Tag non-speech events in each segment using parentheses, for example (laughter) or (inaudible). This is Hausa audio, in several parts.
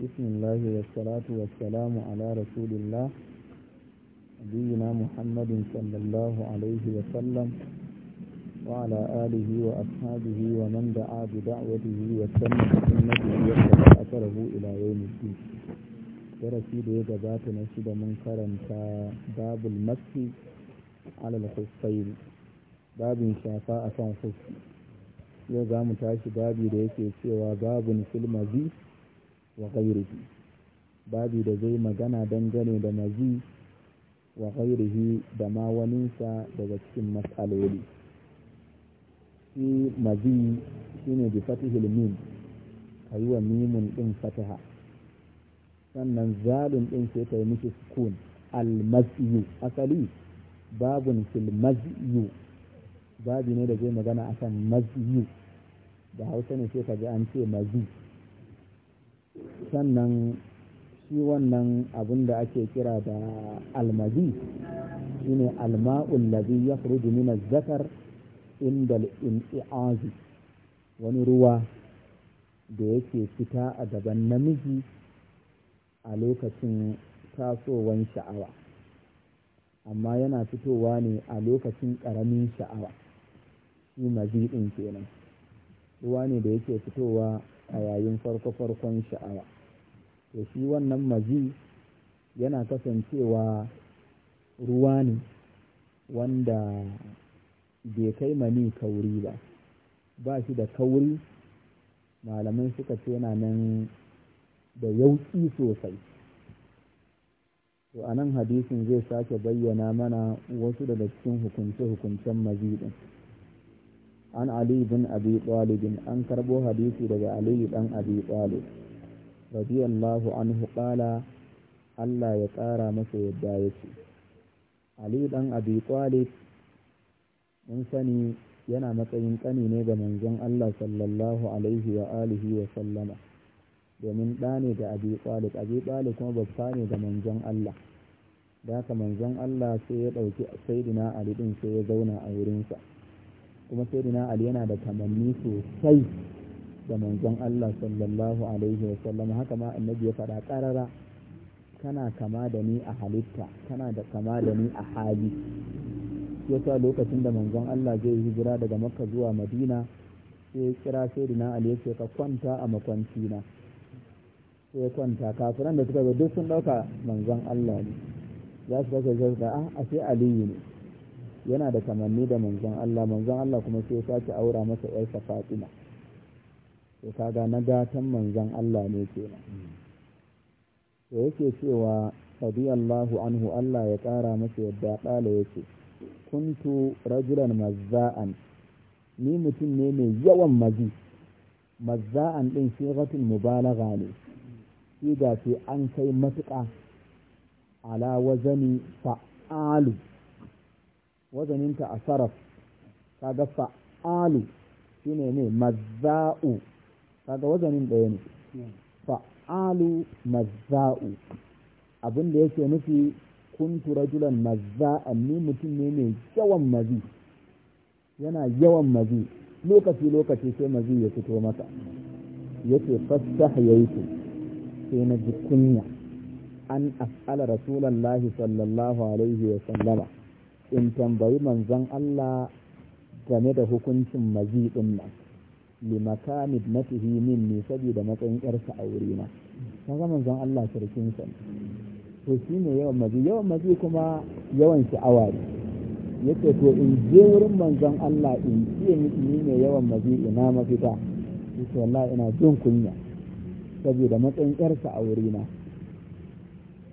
بسم الله والصلاة والسلام على رسول الله نبينا محمد صلى الله عليه وسلم وعلى آله وأصحابه ومن دعا بدعوته وسلم سنته واتبع أثره إلى يوم الدين درسي دي جبات نشد منكرا باب المسح على الخفين باب شافاء عن خفين يوم tashi babi da yake cewa babun filmazi wa ghairihi babu da zai magana dangane da mazi wa ghairihi da ma waninsa daga cikin matsaloli shi mazi shine bi fatihil mim kayi wa mimun din fataha sannan zalun din sai kai miki sukun asali babun fil maziyu babu ne da zai magana akan maziyu da hausa ne sai ka ji an ce mazi sannan shi wannan abin da ake kira da almazi shine alma'ul ladhi yakhruju min nuna zakar inda iniazi wani ruwa da yake fita a gaban namiji a lokacin tasowan sha'awa amma yana fitowa ne a lokacin ƙaramin sha'awa shi mazi ɗin kenan ruwa ne da yake fitowa a yayin farko-farkon sha'awa to shi wannan maji yana kasancewa ruwa ne wanda bai kai mani kauri ba ba shi da kauri malamin suka ce yana nan da yauki sosai to a nan hadisin zai sake bayyana mana wasu daga cikin hukunce-hukuncen mazi ɗin. an ali bin abi talib an karɓo hadisi daga Aliyu dan abi talib radiyallahu anhu qala Allah ya ƙara masa yadda yake Aliyu dan abi talib mun sani yana matsayin ƙani ne ga manzon Allah sallallahu alaihi wa alihi wa sallama domin ɗa ne ga abi talib abi talib kuma babba ne ga manzon Allah da haka manzon Allah sai ya ɗauki saidina ali ɗin sai ya zauna a wurinsa kuma sayyidina ali yana da kamanni sosai da manzon Allah sallallahu alaihi wa sallam haka ma annabi ya faɗa ƙarara kana kama da ni a halitta kana da kama da ni a hali yasa lokacin da manzon Allah zai hijira daga makka zuwa madina sai ya kira sayyidina ali ya ce ka kwanta a makwanci na sai kwanta kafiran da suka zo duk sun ɗauka manzon Allah ne za su kasa zai a ce ah, aliyu ne yana da kamanni da manzon Allah manzon Allah kuma sai ya sake aura masa sa Fatima to kaga na gatan manzon Allah ne kenan to yake cewa radiyallahu anhu Allah ya ƙara masa yadda ɗala yake kuntu rajulan mazza'an ni mutum ne mai yawan mazi mazza'an din sigatul mubalagha ne siga an kai matuƙa ala wazani fa'alu wazaninta a saraf kaga fa'alu shi ne ne maza'u. kaga wazanin ɗaya ne fa'alu mazza'u abinda yake nufi kuntu rajulan maza'a, ni mutum ne mai yawan mazi yana yawan mazi lokaci lokaci sai mazi ya fito masa yi fastahyaitu sai na ji kunya an as'ala Rasulallah sallallahu alaihi wa sallama in tambayi manzon Allah game da hukuncin mazi ɗin nan limakamid na min ne saboda matsayin yarsa a wurina kan ga manzon Allah sarkin sa to shi ne yawan mazi yawan mazi kuma yawan sha'awa ne yake to in je wurin manzon Allah in ce miki ni ne yawan mazi ina mafita to wallahi ina jin kunya saboda matsayin yarsa a wurina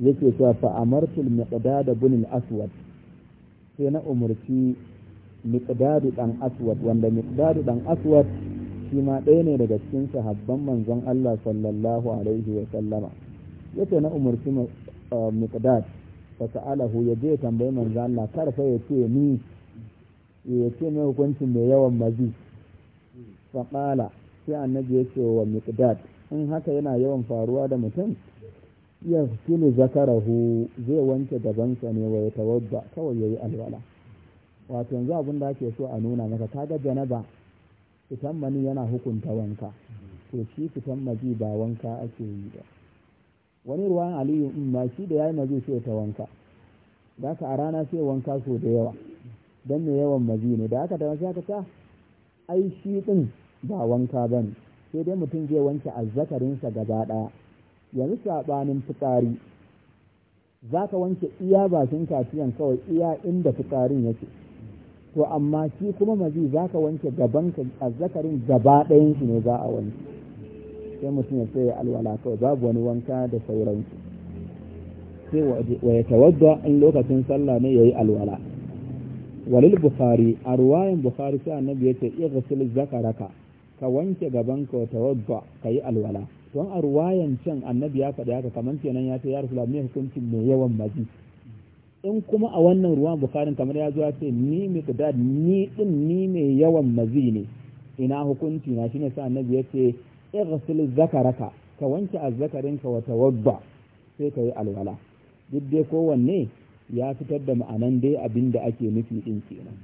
yake cewa fa amartul maƙada da al-aswad sai na umarci miƙdadu ɗan aswad wanda miƙdadu ɗan aswad shi ma ɗaya ne daga cikin sahabban manzon Allah sallallahu alaihi wa sallama yace na umarci eh, miƙdad fa sa'alahu ya je tambayi manzon Allah kar fa ya ce ni ya ce mai hukuncin mai yawan mazi fa qala sai annabi ya ce wa miqdad in haka yana yawan faruwa da mutum yaghsilu zakarahu zai wanke sa ne wa tawadda kawai yayi alwala wato yanzu abin da ake so a nuna maka kaga janaba fitan mani yana hukunta wanka to shi fitan maji ba wanka ake yi ba wani ruwan aliyu in ma shi da yayi maji sai ta wanka da ka a rana sai wanka so da yawa don mai yawan maji ne da aka ta wasu aka ta ai shi din ba wanka bane sai dai mutum zai wanke azzakarinsa gaba ɗaya yanzu saɓanin fitsari za ka wanke iya bakin kafiyan kawai iya inda fitsarin yake to amma shi kuma mazi za ka wanke gaban ka a zakarin gaba ɗayan shi ne za a wanke sai mutum ya sai alwala kawai babu wani wanka da sauransu sai wa ya tawadda in lokacin sallah ne yayi alwala walil bukhari a ruwayan bukhari sai annabi yace ighsil zakaraka ka wanke gaban ka tawadda kayi alwala don a ruwayan can annabi ya faɗi haka kamar kenan ya ce ya rasu me hukuncin mai yawan mazi in kuma a wannan ruwan bukarin kamar ya zo ya ce ni miqdad ni din ni mai yawan mazi ne ina hukunci na shine sa annabi ya ce ighsil zakaraka ka wanke azzakarinka wa tawadda sai ka yi alwala duk dai kowanne ya fitar da ma'anan dai abin da ake nufi din kenan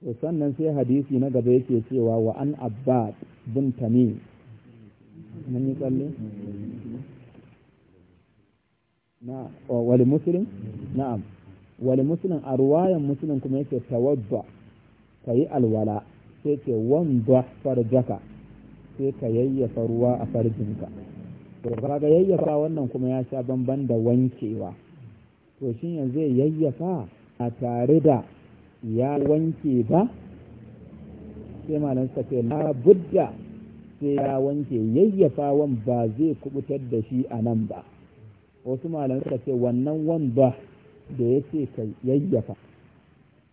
to sannan sai hadisi na gaba yake cewa wa an abbas bin tamim mun yi tsalle na na'am wal muslim a ruwayan kuma yake tawadda kayi alwala sai ce wanda farjaka sai ka yayyafa ruwa a farjinka to kaga yayyafa wannan kuma ya sha bamban da wankewa to shin yanzu yayyafa a tare da ya wanke ba sai malam sa ce la sai ya wanke yayyafawan ba zai kubutar da shi a nan ba wasu malamai suka ce wannan ba da ya ce ka yayyafa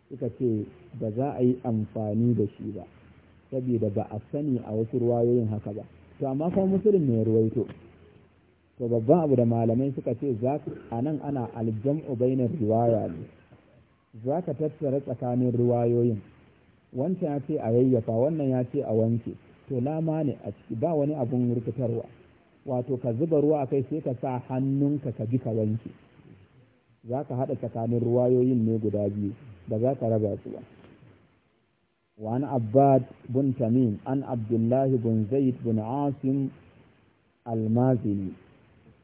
suka ce ba za a yi amfani da shi ba saboda ba a sani a wasu ruwayoyin haka ba to amma kuma musulun mai ruwaito to babban abu da malamai suka ce za a nan ana aljam'u bainar riwaya ne za ka tattara tsakanin ruwayoyin wancan ya ce a yayyafa wannan ya ce a wanke to lama ne a ciki ba wani abun rikitarwa wato ka zuba ruwa a kai sai ka sa hannunka ka bi ka wanke za ka haɗa tsakanin ruwayoyin ne guda biyu ba za ka raba su ba وعن عباد بن تميم an Abdullahi الله Zaid زيد Asim عاصم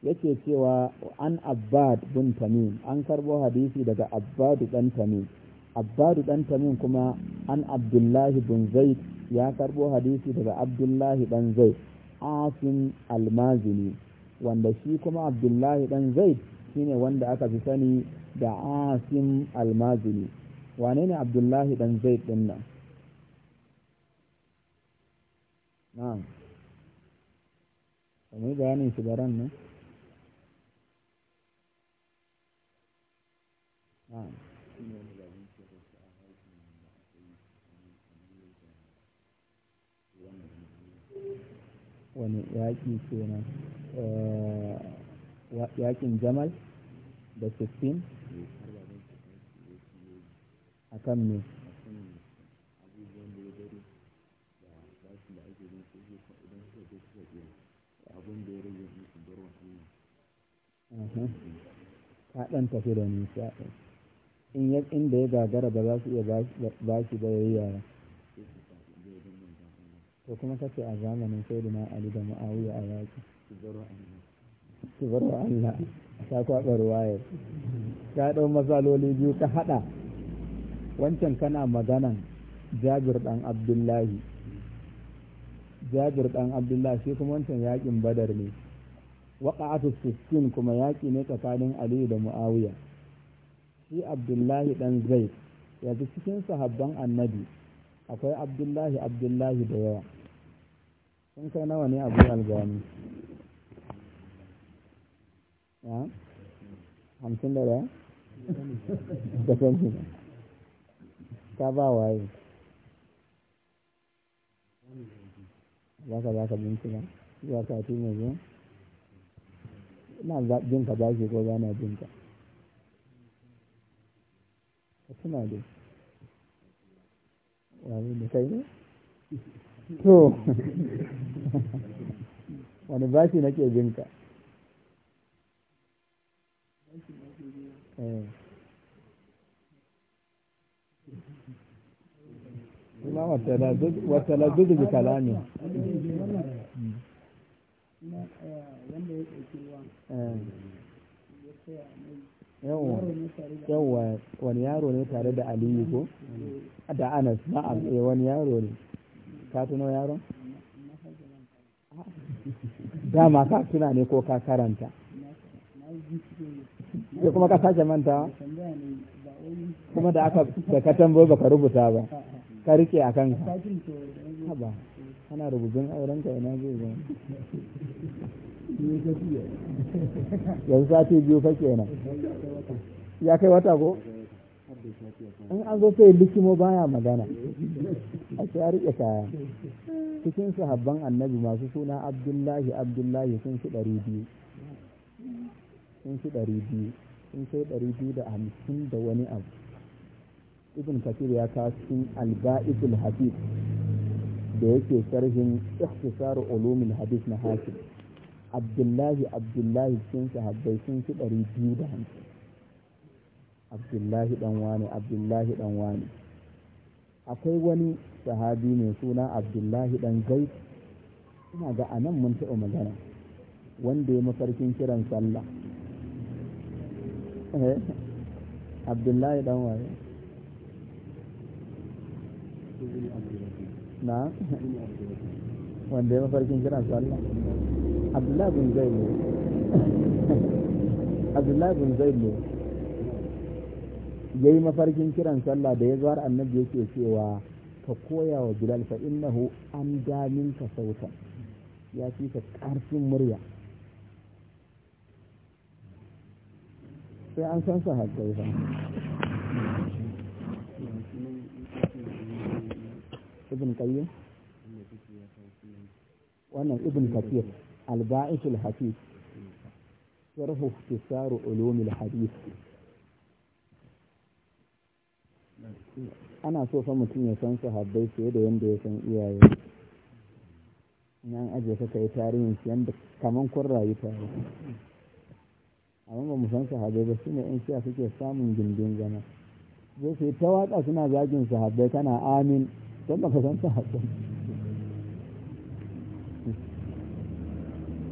yake cewa an abbad bin tamim an karbo hadisi daga abbadu dan tamim abbadu dan tamim kuma an abdullahi bin zaid ya karbo hadisi daga abdullahi ɗan zaid asin almazini wanda shi kuma abdullahi dan zaid shine wanda aka fi sani da asin almazini wane ne abdullahi ɗan zaid din nan na'am kamar bayanin shi nan wani yaƙi kenan eh, yaƙin jamal da sittin a kan me ka ɗan tafi da nisa in inda ya gagara ba za su iya ba shi ba ya yi yara to kuma kace a zamanin sayyidina ali da muawiya a yaki su baro Allah ta kwaɓa ruwayar ka ɗau masaloli biyu ka haɗa wancan kana maganan jabir ɗan abdullahi jabir ɗan abdullahi shi kuma wancan yaƙin badar ne waqa'atu sittin kuma yaƙi ne tsakanin aliyu da mu'awiya shi abdullahi ɗan zaid yanzu cikin sahabban annabi akwai abdullahi abdullahi da yawa sun kai nawa ne abu albani ya hamsin da daya da ne ta ba waye za ka za ka bincika zuwa kati mai zuwa ina jin ka ba shi ko ba na jin ka tuna dai da kai ne (laughs) wani bashi nake binka ma eh. wata lazuzu bi kalami wanda ya eh. ɗauki ruwa ya yawwa wani yaro ne tare da aliyu ko da anas na'am eh wani yaro ne ka tuno yaron dama ka tuna ne ko ka karanta ya kuma ka sake manta kuma da aka da ka ba ka rubuta ba ka rike a kanka haba ana rubutun aurenka ina zai zama yanzu sati biyu fa kenan ya kai wata ko in an zo sai likimo baya magana a ya rike kaya cikin habban annabi masu suna abdullahi abdullahi sun fi ɗari biyu sun fi ɗari biyu sun sai ɗari biyu da hamsin da wani abu ibn kafir ya kawo cikin alba'isul hafi da yake sarhin ikhtisar ulumul hadith na hakim abdullahi abdullahi sun sahabbai sun fi ɗari biyu da hamsin abdullahi ɗan wani abdullahi ɗan wani akwai wani sahabi mai suna abdullahi ɗan gais ina ga anan mun taɓa magana wanda ya mafarkin kiran sallah eh, abdullahi ɗan wani na wanda ya mafarkin kiran sallah Abdullahi bin zaid ne (laughs) bin zaid ne yayi mafarkin kiran sallah da ya zuwar annabi yake cewa ka koya wa bilal fa innahu an damin ka sautan ya fi ka ƙarfin murya sai an san hakkai fa. ibn qayyim wannan ibn kafir al-ba'isul hafiz sharhu ikhtisar Ulumil ana so fa mutum ya san sahabbai fiye da yanda ya san iyaye nan aje ka kai tarihin shi yanda kaman kun rayu tare amma ba mu san sahabbai ba shine in shiya suke samun gindin zama zai sai ta waka suna zagin sahabbai kana amin don baka san sahabbai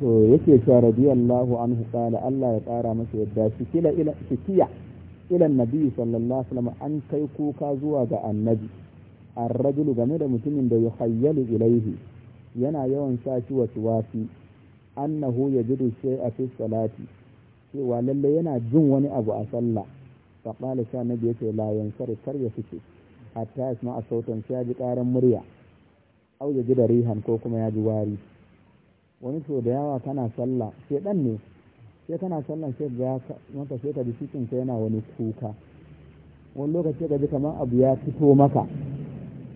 to yake cewa radiyallahu anhu qala Allah ya kara masa yadda shi kila ila shikiya ila nabi sallallahu alaihi wasallam an kai kuka zuwa ga annabi ar-rajul game da mutumin da yuhayyalu ilaihi yana yawan sa shi wasu wasi annahu yajidu shay'a fi salati cewa lalle yana jin wani abu a sallah fa qala sha nabi yace la yansar kar ya fice hatta yasma sautan sai ji karan murya au yajidu da rihan ko kuma ya ji wari wani so da yawa kana sallah sai dan ne sai kana sallah sai ga maka sai ka ji cikin ka yana wani kuka wani lokaci ka ji kamar abu ya fito maka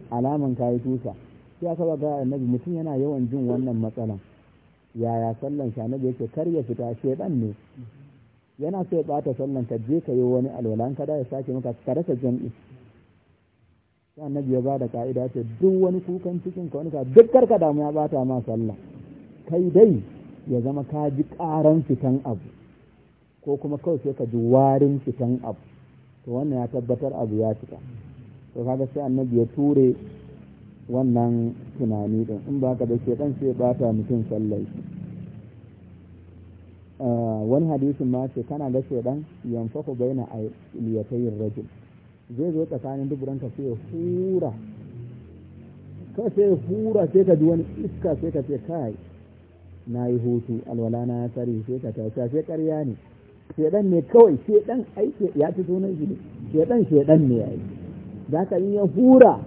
alaman yi tusa sai aka ba ga annabi mutum yana yawan jin wannan matsalan yaya sallan shi annabi yake kar ya fita dan ne yana so ya bata sallan ka je ka yi wani alwala an kada ya sake maka ka rasa jami'i sai annabi ya bada ka'ida ce duk wani kukan cikin ka wani ka duk karka damu ya bata ma sallah kai dai ya zama ka ji ƙaran fitan abu ko kuma kawai sai ka ji warin fitan abu to wannan ya tabbatar abu ya fita to kaga sai annabi ya ture wannan tunani din in ba ka da shedan sai bata mutum sallai shi ah, wani hadisin ma ce kana ga shedan yanfaku baina aliyatayin rajul zai zo tsakanin duburanka sai ya hura ka sai hura sai ka ji wani iska sai ka ce kai na yi hutu alwala na tsari sai ka tashi sai ƙarya ne shedan ne kawai shedan ai ya ci sunan shi shedan shedan ne yi za ka yi ya hura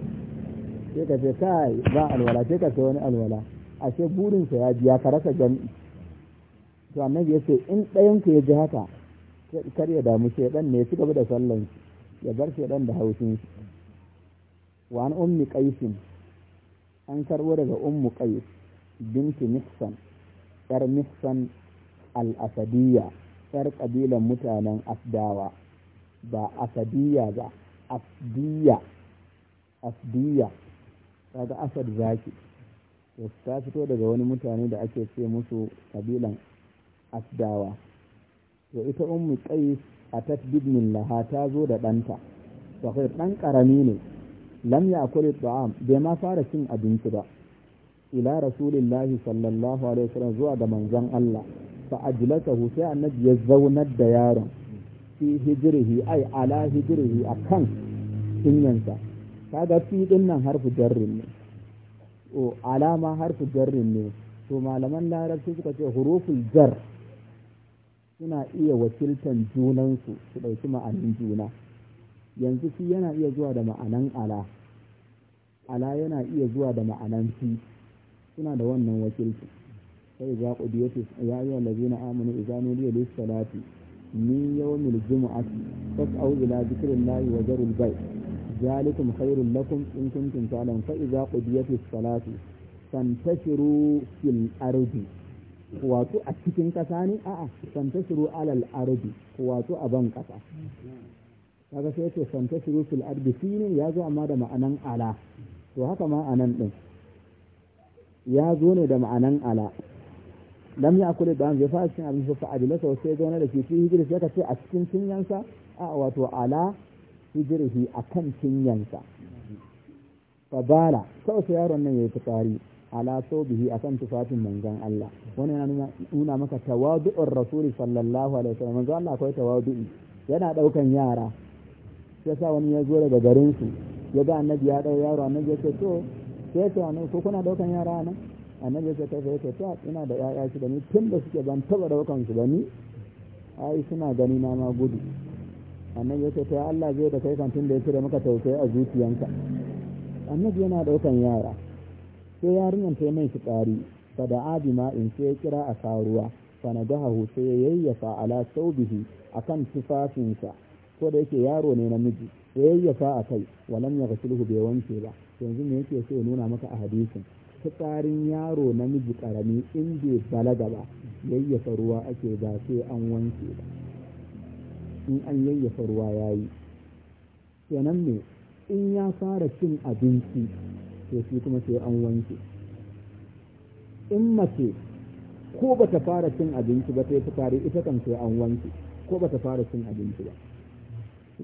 sai ka sai kai ba alwala sai ka sai wani alwala ashe burinsa ya biya ka rasa jami'i to annabi ya ce in ɗayan ku ya ji haka kar ya damu shedan ne ci gaba da sallan ya bar shedan da haushin shi wa an ummi qaisin an karbo daga ummu qais binti nixon 'yar mihsan al Asadiya 'yar ƙabilan mutanen asdawa ba asadiyya ba asdiyya asdiyya kaga asad zaki to ta fito daga wani mutane da ake ce musu ƙabilan asdawa to ita mu qais a tasbidin laha ta zo da ɗanta sahir ɗan ƙarami ne lamya ya kuri ta'am bai ma fara cin abinci ba ila rasulillahi sallallahu alaihi wasallam zuwa ga manzon Allah fa ajlatahu sai annabi ya zaunar da yaron fi hijrihi ai ala hijrihi akan cinyansa kaga fi din nan harfu jarrin ne o alama harfu jarrin ne to malaman larabci suka ce huruful jar suna iya wakiltan junansu su ɗauki ma'anin juna yanzu fi yana iya zuwa da ma'anan ala ala yana iya zuwa da ma'anan fi suna da wannan wakilci sai ga ku biyo su ya yi wallazi amanu amini izanu liya lis salati ni yawmil jumu'ati fas'au ila zikrillahi wa zarul bay' zalikum khairul lakum in kuntum ta'lamun fa idza qudiyatis salati tantashiru fil ardi wato a cikin kasa ne a'a tantashiru alal ardi wato a ban kasa kaga sai ce tantashiru fil ardi shine ya zo amma da ma'anan ala to haka ma anan din ya zo ne da ma'anan ala lam ya kula da bai fara cin abinci fa adilata sai ya zauna da shi fi hijiri sai ka ce a cikin cinyansa a wato ala hijirihi a kan cinyansa fabala kawai sai yaron nan ya yi fitsari ala bihi a kan tufafin manzon Allah wani yana nuna maka tawadu'ur rasuli sallallahu alaihi wasallam manzon Allah akwai tawadu'i yana daukan yara sai sa wani ya zo daga garin su ya ga annabi ya dau yaro annabi ya ce to sai ce wani ko kuna daukan yara nan annabi ya ce ta sai ta ina da yaya shi da ni tun da suke ban taba daukan su ba ni ai suna gani na ma gudu annabi ya ce ta Allah zai da kai kan tun da ya cire maka tausayi a zuciyanka annabi yana daukan yara sai yarinyan ta yi mai fitsari fa da ma in sai ya kira a saruwa fa na hahu sai ya yayyafa ala saubihi kan tufafinsa ko da yake yaro ne namiji ya yayyafa a kai walam ya gasilhu bai wanke ba yanzu me yake so ya nuna maka a hadisin fitsarin yaro namiji karami in bai balaga ba yayyafa ruwa ake ba sai an wanke ba in an yayyafa ruwa ya yi kenan ne in ya fara cin abinci to shi kuma sai an wanke in mace ko ba ta fara cin abinci ba ta yi ita kan sai an wanke ko ba ta fara cin abinci ba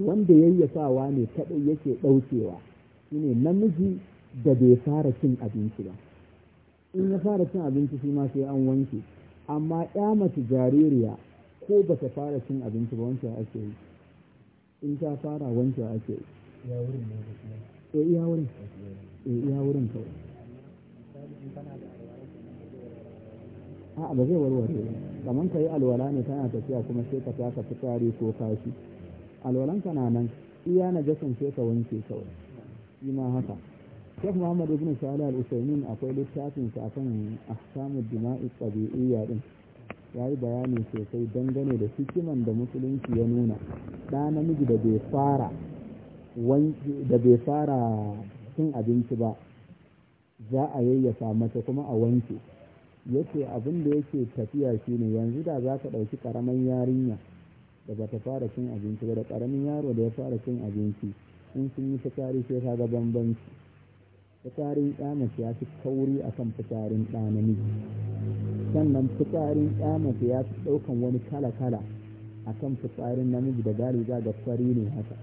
wanda yayyafawa ne kadai yake daukewa. shine namiji da bai fara cin abinci ba in ya fara cin abinci shi ma sai an wanke amma ya mace jaririya ko ba ta fara cin abinci ba wanke ake yi in ta fara wanke ake yi Ya iya wurin eh, ya eh, iya wurin kawai a'a ba zai warware ba kamar ka yi alwala ne tana tafiya kuma sai ka taka fitsari ko kashi alwalanka na nan iya na jasan sai ka wanke kawai shi ma haka chef Muhammad Ibn Salih Al-Usaimin akwai littafin sa akan ahkamu dima'i tabi'iyya din ya yi bayani sosai dangane da hikiman da musulunci ya nuna da namiji da bai fara da bai fara cin abinci ba za a yayyafa mata kuma a wanke yace abin da yake tafiya shine yanzu da za ka ɗauki ƙaramin yarinya da ba fara cin abinci ba da ƙaramin yaro da ya fara cin abinci in sun yi fitsari sai ka ga bambanci fitsarin ɗa mace ya fi kauri akan kan ɗa namiji sannan fitsarin ɗa ya fi ɗaukan wani kala kala a kan fitsarin namiji da gari za ga fari ne haka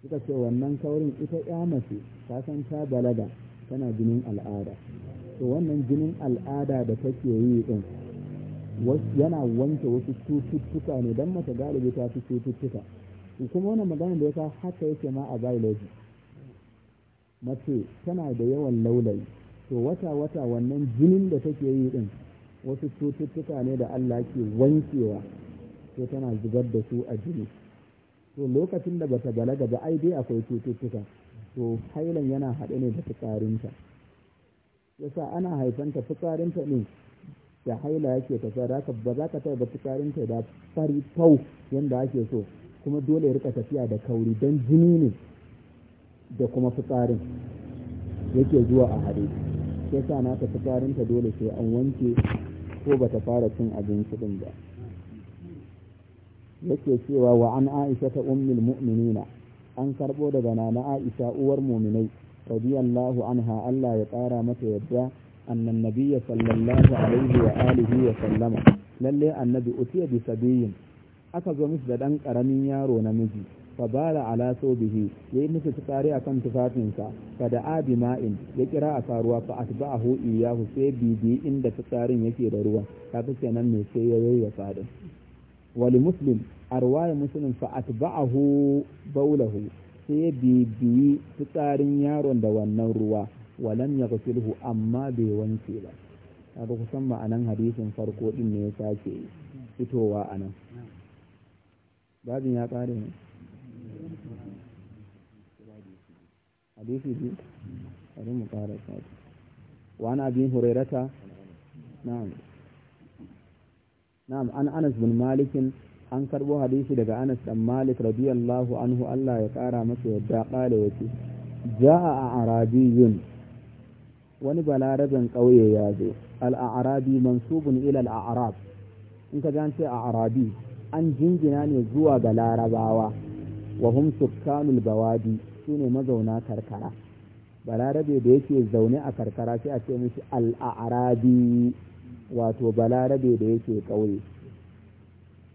suka ce wannan kaurin ita ya mace ta san ta balaga tana jinin al'ada to wannan jinin al'ada da take yi din yana wanke wasu cututtuka ne don mace galibi ta fi cututtuka kuma wani magana da ya sa haka yake ma a biology mace tana da yawan laulayi to wata wata wannan jinin da take yi din wasu cututtuka ne da Allah ke wankewa to tana zubar da su a jini to lokacin da bata balaga ba ai dai akwai cututtuka to hailan yana haɗe ne da fitsarinta yasa ana haifanta fitsarinta ne da haila yake tafiya da ba za ka taɓa fitsarinta da fari fau yanda ake so kuma dole ya rika tafiya da kauri don jini ne da kuma fitsarin yake zuwa a hade sai sa na ta fitsarinta dole sai an wanke ko ba ta fara cin abinci din ba yake cewa wa an aisha ta ummul mu'minina an karbo daga na aisha uwar mu'minai radiyallahu anha Allah ya tsara mata yadda annan nabiyya sallallahu alaihi wa alihi wa sallama lalle annabi utiya bi sabiyin aka zo musu da ɗan ƙaramin yaro namiji bala ala sobihi ya yi musu tsari a kan tufafinsa kada abi ma'in ya kira a faruwa fa atba'ahu iyahu sai bibi inda tsarin yake da ruwa ta kaga kenan ne sai ya yi yayya faɗi wali muslim ruwaya muslim fa hu baulahu sai ya bibiyi tsarin yaron da wannan ruwa walam kusurhu amma bai wanke ba kaga kusan ma'anan hadisin farko din ne ya sake fitowa a nan. babin ya ƙare ne hadisi biyu bari mu ƙara sati وعن an karbo hadisi daga Anas dan Malik radiyallahu anhu Allah ya kara masa yadda kale yace a a'rabiyun wani balaraben ƙauye ya zo al-a'rabi mansubun ila al-a'rab in ka gance a'rabi an jingina ne zuwa ga larabawa wa sukkanul bawadi su ne mazauna karkara balarabe da yake zaune a karkara sai a ce mishi al'arabi wato balarabe da yake ƙauye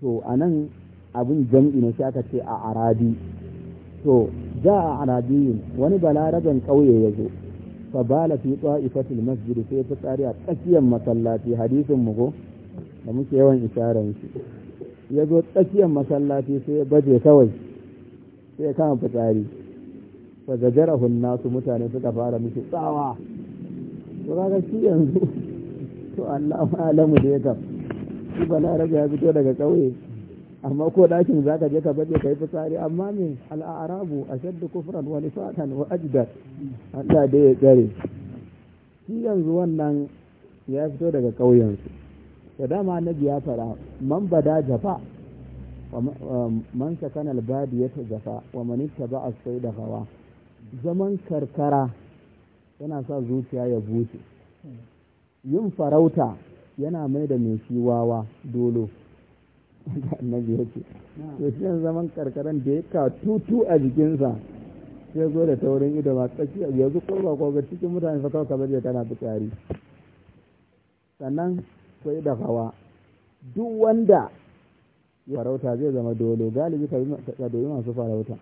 to a nan abin jam'i na sai aka ce a arabi to za a arabi wani balaraben ƙauye ya zo fa bala fi ta'ifatil masjid sai fitsari a tsakiyar masallaci hadisin mu ko da muke yawan isharar shi ya zo tsakiyar masallaci sai ya baje kawai sai ya kama fitsari ba fa zajarahun nasu mutane suka fara mishi tsawa to ka shi yanzu to Allah alamu da ya kam shi balarabe ya fito daga ƙauye amma ko dakin za ka je ka baje ka yi fitsari amma me al'arabu a shaddu kufran wani fatan wa ajdar Allah da ya tsare shi yanzu wannan ya fito daga ƙauyensu da dama na ya fara man bada jafa man sakana albadi ya jafa wa ba a sai da hawa zaman karkara yana sa zuciya ya bushe yin farauta yana mai da mai shi wawa dolo annabi ya ce to shi zaman karkaran da ya ka tutu a jikinsa sai zo da taurin ido ma tsaki yanzu ko ba ko cikin mutane fa kawai tana baje kana sannan sai da hawa duk wanda ya farauta zai zama dole galibi ka doyi masu farauta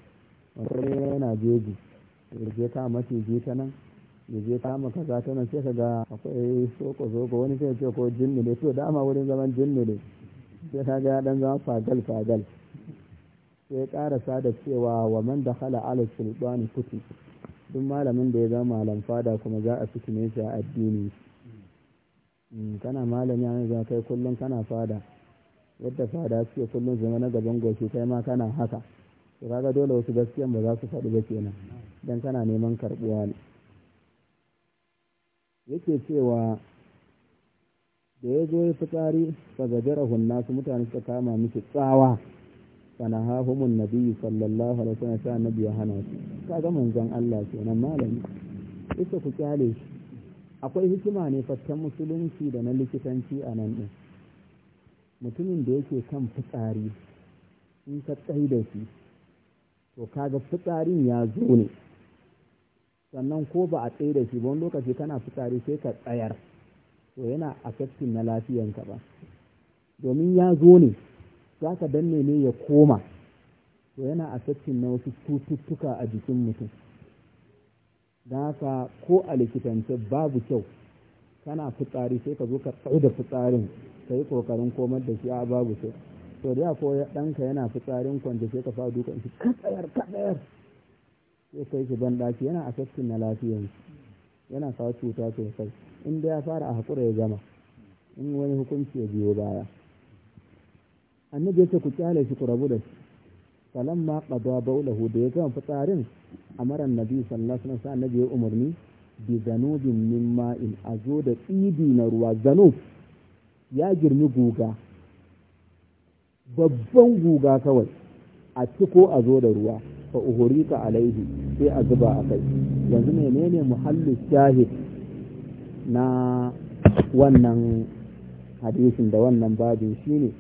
wani yana jeji ta mace maciji ta nan yarje ta maka kaza ta nan sai ka ga akwai soko soko wani sai ce ko jinni ne to dama wurin zaman jinni ne sai ka ga dan zama fagal fagal sai karasa da cewa wa man hala ala sultani kuti duk malamin da ya zama malam fada kuma za a fitine shi a addini Mm, kana malami ne zama kai kullum kana fada yadda fada suke kullum zama na gaban goshi kai ma kana haka to kaga dole wasu gaskiya ba za su faɗi ba kenan dan kana neman karɓuwa ne yake cewa da ya zo ya fitsari fa jarahun nasu mutane suka kama miki tsawa fana hahumun nabiyyu sallallahu alaihi wasallam sai annabi ya hana su kaga manzon Allah kenan malami ita ku kyale shi akwai hikima ne fattan musulunci da na likitanci a nan ɗin mutumin da yake kan fitsari in ka tsaye da shi to kaga fitsarin ya zo ne sannan ko ba a tsaye da shi ba wani lokaci kana fitsari sai ka tsayar to yana affecting na lafiyanka ba domin ya zo ne za ka danne ne ya koma to yana affecting na wasu cututtuka a jikin mutum don haka ko a likitance babu kyau kana fitsari sai ka zo ka tsaye da fitsarin ka yi kokarin komar da shi a babu kyau to da ko ɗanka yana fitsarin kwanje sai ka sa dukan shi katsayar katsayar sai yi shi ban ɗaki yana affecting na lafiyan yana kawo cuta sosai in da ya fara a haƙura ya gama in wani hukunci ya biyo baya annabi ya ce ku kyale shi ku rabu da shi falamma qada baulahu da ya gama fitsarin amaran nabi sallallahu alaihi wasallam annabi ya umarni bi zanubin min ma'in zo da tsibi na ruwa zanub ya girmi guga babban guga kawai a ciko a zo da ruwa fa uhurika alaihi sai a zuba a kai yanzu menene muhallin shahid na wannan hadisin da wannan babin shine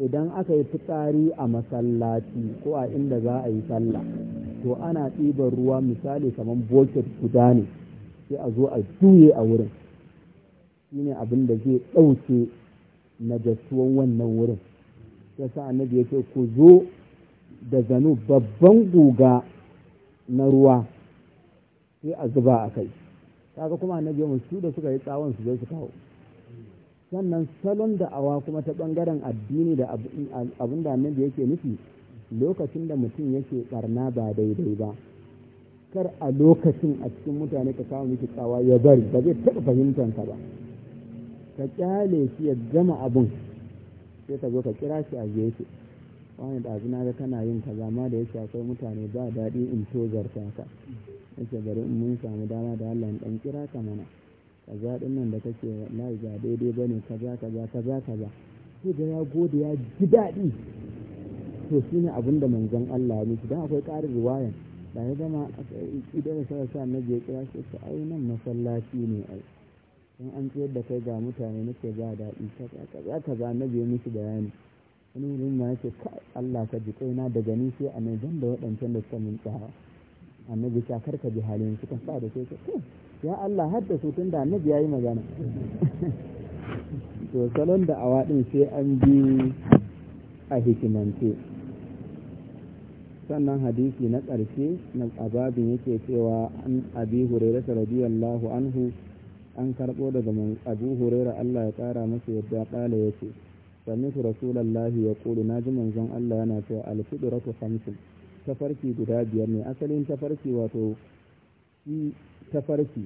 idan aka yi fitsari a masallaci ko a inda za a yi sallah to ana ɗiban ruwa misali kamar bokit guda ne sai a zo a juye a wurin shi ne abin da zai ɗauke najasuwan wannan wurin yasa annabi ya ce ku zo da zanu babban guga na ruwa sai a zuba a kai kaga kuma annabi ya su da suka yi tsawon su zai su kawo sannan salon da'awa kuma ta ɓangaren addini da abin da annabi yake nufi lokacin da mutum yake ɓarna ba daidai ba kar a lokacin a cikin mutane ka kawo miki tsawa ya bari ba zai taɓa fahimtanka ba ka kyale shi ya gama abin sai ka zo ka kira shi a gefe wani da azina ga kana yin ka zama da yake akwai mutane ba daɗi in tozarta ka yake bari in mun samu dama da Allah in ɗan kira ka mana kaza ɗin nan da kake na ga daidai ba ne kaza kaza kaza kaza sai da ya gode ya ji daɗi to shine ne abin da manzon Allah ya miki don akwai ƙarin riwaya da ya zama idan sa sa na je kira shi ta ai nan masallaci ne ai in an tsayar da kai ga mutane nake ba daɗi kaza kaza kaza na je miki bayani wani wurin ma yake kai Allah ka ji kaina daga ni sai a zan da waɗancan da suka min tsawa annabi ta karka ji halin su kan sa da kai ka ya Allah hadda su tun da annabi ya yi magana (laughs) to salon da awa ɗin sai an bi a hikimance sannan hadisi na ƙarshe na ababin yake cewa an abi hurera radiyallahu anhu an karɓo daga abu hurera Allah ya ƙara masa yadda ƙala ya ce sami su rasulallahi ya ƙulu na ji manzon Allah yana cewa alfiɗuratu hamsin tafarki guda biyar ne asalin tafarki wato shi tafarki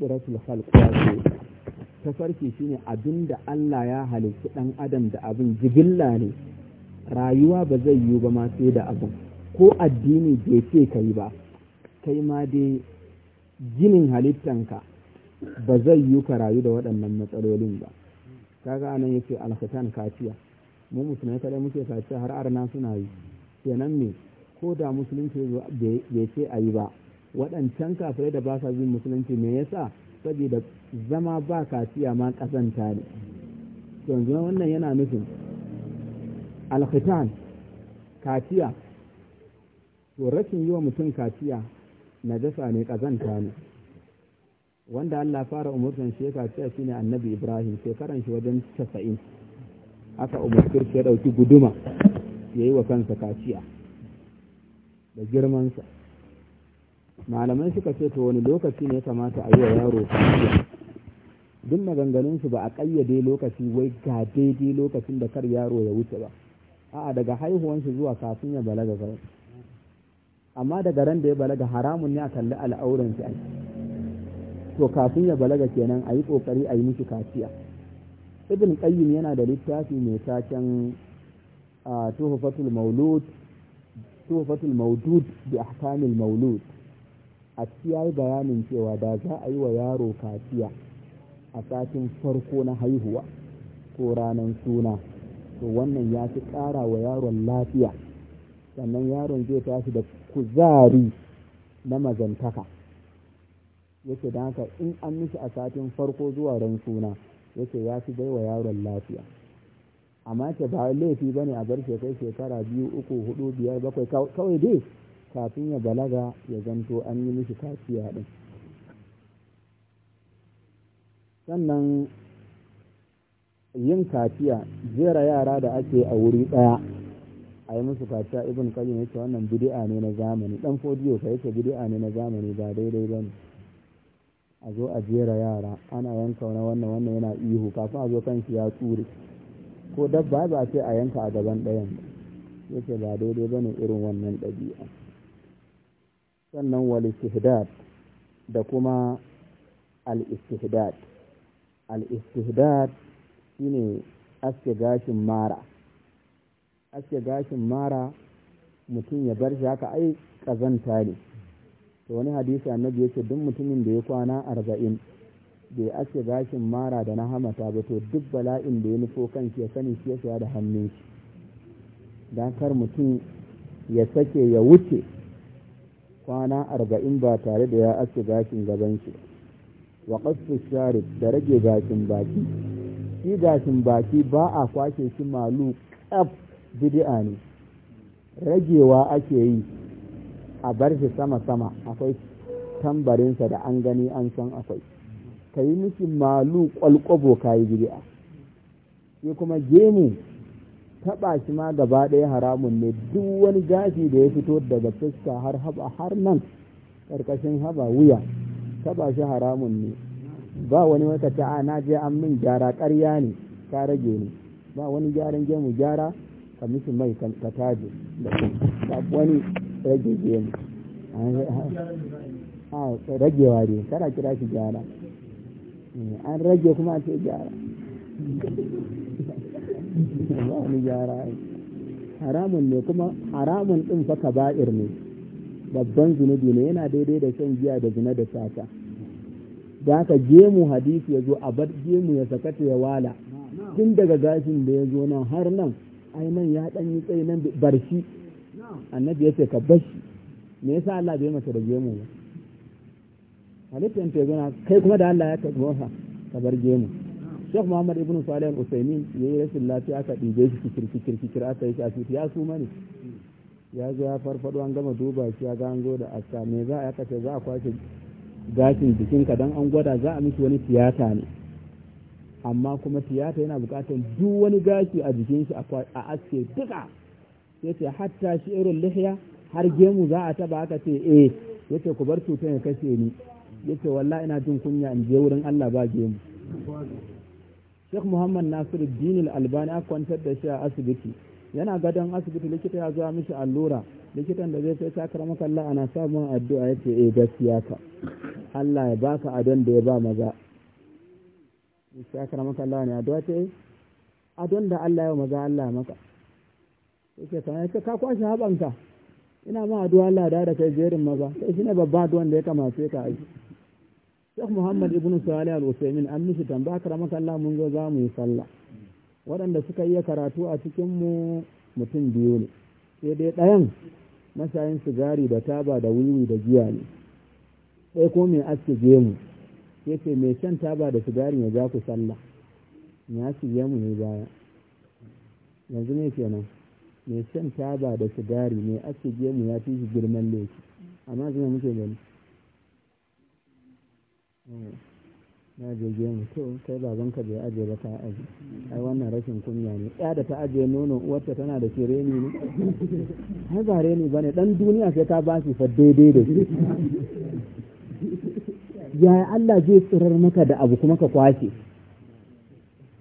ta farki shi tafarki shine da Allah ya halittu ɗan adam da abin jigilla ne rayuwa ba zai yiwu ba masu da abin ko addini bai ce yi ba kai ma dai ginin halittanka ba zai yiwu ka rayu da waɗannan matsalolin ba kaga anan yake alkhatan kaciya mu musulmai kada muke kaciya har arna suna yi kenan me ko da musulunci bai ce a yi ba waɗancan kafirai da ba sa bin musulunci me yasa saboda zama ba kaciya ma ƙasanta ne to yanzu wannan yana nufin alkhitan kaciya to rashin yi wa mutum kaciya na dafa ne ƙazanta ne wanda Allah fara umurtan shi kaciya shine annabi Ibrahim shekaran shi wajen casa'in aka umurtar shi ya ɗauki guduma ya yi wa kansa kaciya da girmansa malamai suka ce to wani lokaci ne kamata a yi wa yaro kaciya duk maganganunsu ba a ƙayyade lokaci wai ga daidai lokacin da kar yaro ya wuce ba a'a daga haihuwansu zuwa kafin ya balaga kawai amma daga ran da ya balaga haramun ne a kalli al'auran shi to kafin ya balaga kenan a yi ƙoƙari a yi mishi kaciya ibn qayyim yana da littafi mai taken ah, tuhfatul maulud tuhfatul maudud bi ahkamil maulud a ya yi bayanin cewa da za a yi wa yaro kaciya a satin farko na haihuwa ko ranar suna to wannan ya fi ƙara wa yaron lafiya sannan yaron zai tashi da kuzari na mazantaka yake da haka in an mishi a satin farko zuwa ran suna yake ya fi baiwa yaron lafiya amma ke ba laifi ba ne a bar shekai shekara biyu uku hudu biyar bakwai kawai dai kafin ya balaga ya zanto an yi mishi kaciya ɗin sannan yin kaciya jera yara da ake a wuri ɗaya a yi musu kaciya ibn ne yake wannan bid'a ne na zamani dan fodiyo ka yake bid'a ne na zamani ba daidai ba ne a zo a jera yara ana yanka wani wannan wannan yana ihu kafin a zo kanshi ya tsure ko dabba ba ce a yanka a gaban ɗayan yake ba daidai ba ne irin wannan ɗabi'a sannan walistihdad da kuma al-istihdad al-istihdad shine aske gashin mara aske gashin mara mutum ya bar shi haka ai kazanta ne to wani hadisi annabi ce duk mutumin da ya kwana arba'in da ya aske gashin mara da na hamata ba to duk bala'in da ya nufo shi ya sani shi ya da hannun shi dan kar mutum ya sake ya wuce kwana arba'in ba tare da ya aske gashin gaban shi wa qasfu sharif da rage gashin baki shi gashin baki ba a kwashe shi malu kaf bidi'a ne ragewa ake yi a bar shi sama sama akwai tambarinsa da an gani an san akwai ka yi mishi malu kwalkwabo ka yi bid'a sai kuma gemu taɓa shi ma gaba ɗaya haramun ne duk wani gashi da ya fito daga fuska har haba har nan ƙarƙashin haba wuya taɓa shi haramun ne ba wani wata ta'a na je an min gyara ƙarya ne ka rage ni ba wani gyaran gemu gyara ka mishi mai ka taje da wani rage gemu (laughs) a ragewa ne kana kira shi gyara eh, an rage kuma ce gyara wani gyara haramun ne kuma haramun ɗin fa kaba'ir ne babban zunubi ne yana daidai da shan giya da zina da sata da aka gemu hadisi ya zo a bar gemu ya sakata ya wala tun daga gashin da ya zo nan har nan ai nan ya ɗan yi tsaye nan bar shi annabi ya ce ka bar shi me yasa Allah bai masa da gemu ba halittar ta kai kuma da Allah ya tabbata ka bar gemu Sheikh Muhammad ibn Salih al ya yi rashin lafiya aka ɗibe shi kikir kikir kikir aka yi shi ya su mani ya zo ya farfado an gama duba shi ya ga an zo da aska me za a yi kace za a kwace gashin jikinka dan an gwada za a miki wani tiyata ne amma kuma tiyata yana bukatar duk wani gashi a jikin shi a aske duka ce hatta shi irin lihiya har gemu za a taba aka ce eh yace ku bar cutar ya kashe ni yace wallahi ina jin kunya in je wurin Allah ba gemu Sheikh Muhammad Nasiru Al-Albani a kwantar da shi a asibiti yana gadon asibiti likita ya zuwa mishi allura likitan da zai sai sakar maka Allah ana samun addu'a yake eh gaskiya ka Allah ya baka adon da ya ba maza sakar maka Allah ne addu'a ce eh, adon da Allah ya maza Allah ya maka yake kana yake ka kwashi habanka ina ma addu'a Allah da da kai jerin maza kai shine babba addu'an da ya sai ka aiki Sheikh Muhammad ibn Salih al-Usaimin an mishi tambaya karamaka Allah mun zo za mu yi sallah. Waɗanda suka yi karatu a cikin mu mutum biyu ne. Sai dai ɗayan mashayin sigari da taba da wiwi da giya ne. Sai ko mai aske gemu. Sai ce mai shan taba da sigari ne za ku sallah. Mai aske gemu ne baya. Yanzu ne nan, Mai shan taba da sigari mai aske gemu ya fi shi girman laifi. Amma zai muke gani. na jeje mu to kai babanka bai aje ba ta aje ai wannan rashin kunya ne ya da ta ajiye nono uwarta tana da ke reni ne har ba reni ba ne dan duniya sai ta ba shi fa daidai da shi Allah zai tsirar maka da abu kuma ka kwashe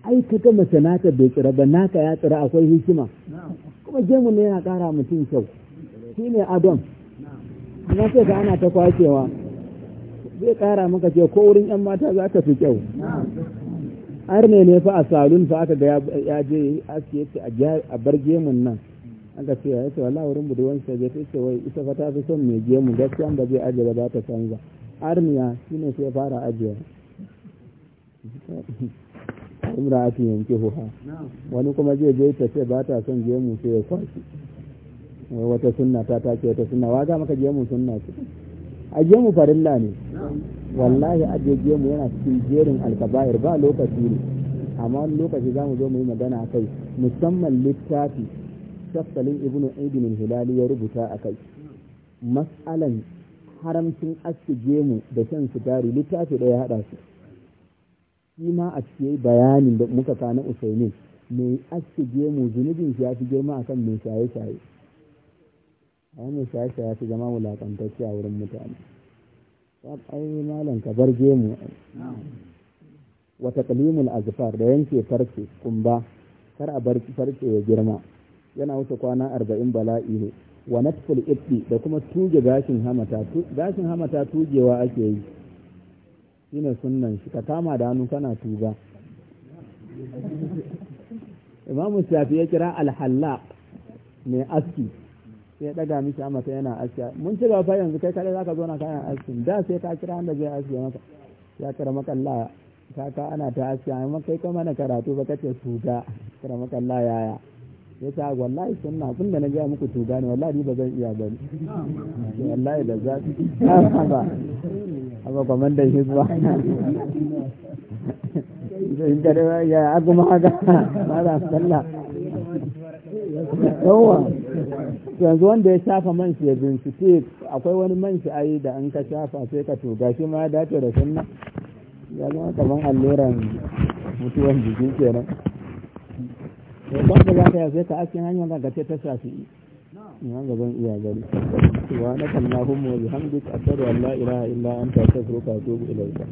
ai ka ga mace naka bai tsira ba naka ya tsira akwai hikima kuma gemu ne yana kara mutum kyau shine adon ina sai ana ta kwashewa zai kara maka ce ko wurin yan mata za ka fi kyau har ne ne fa a salun fa aka ga ya je aske ce a bar gemun nan aka ce ya ce wala wurin buduwan sa ta ce wai isa fa ta fi son mai gemu gaskiya ba zai ajiye ba ta canza shi ne sai fara ajiye imra ake yanke huha wani kuma zai je ta ce ba ta son gemu sai ya kwashi wata sunna ta take wata sunna waga maka gemu sunna ce a gemu farilla ne wallahi je gemu yana cikin jerin alkaba'ir ba lokaci ne amma wani lokaci za mu zo mu yi magana a kai musamman littafi shafsalin ibnu ibn hilali ya rubuta a kai matsalan haramcin aski gemu da shan sigari littafi ɗaya haɗa su shi ma a cikin bayanin da muka kana usaimin mai aske gemu zunubin shi ya fi girma akan mai shaye-shaye ai mu ya fi zama wulaƙantacce a wurin mutane ai malam ka bar gemu wata taqlimul azfar da yanke farce kumba kar a bar farce ya girma yana wuce kwana arba'in bala'i ne wa natful ibdi da kuma tuge gashin hamata gashin hamata tugewa ake yi shine sunnan shi ka kama da hannu kana tuga imamu shafi ya kira alhallaq mai aski sai daga miki a mata yana aski mun ci gaba yanzu kai za zaka zo na kayan aski da sai ka kira wanda zai aski maka ya kira makalla kaka ana ta aski amma kai kuma na karatu ba kace tuga kira makalla yaya ya ta ah, wallahi sunna kun da na gaya muku tuga ne wallahi ba zan iya bari wallahi da za ba haka kwamandan hizba in ka da ya aguma ga ba da sallah yawa yanzu wanda ya shafa man shi ya bincike akwai wani man shi ayi da an ka shafa sai ka tuga shi ma ya dace da sunna ya zama kamar alluran mutuwan jiki kenan to ba ka zaka ya sai ka askin hanyar ka ta shafi ina ga zan iya gari wa na kallahu mu bihamdika ashhadu an la ilaha illa anta astaghfiruka wa atubu ilayka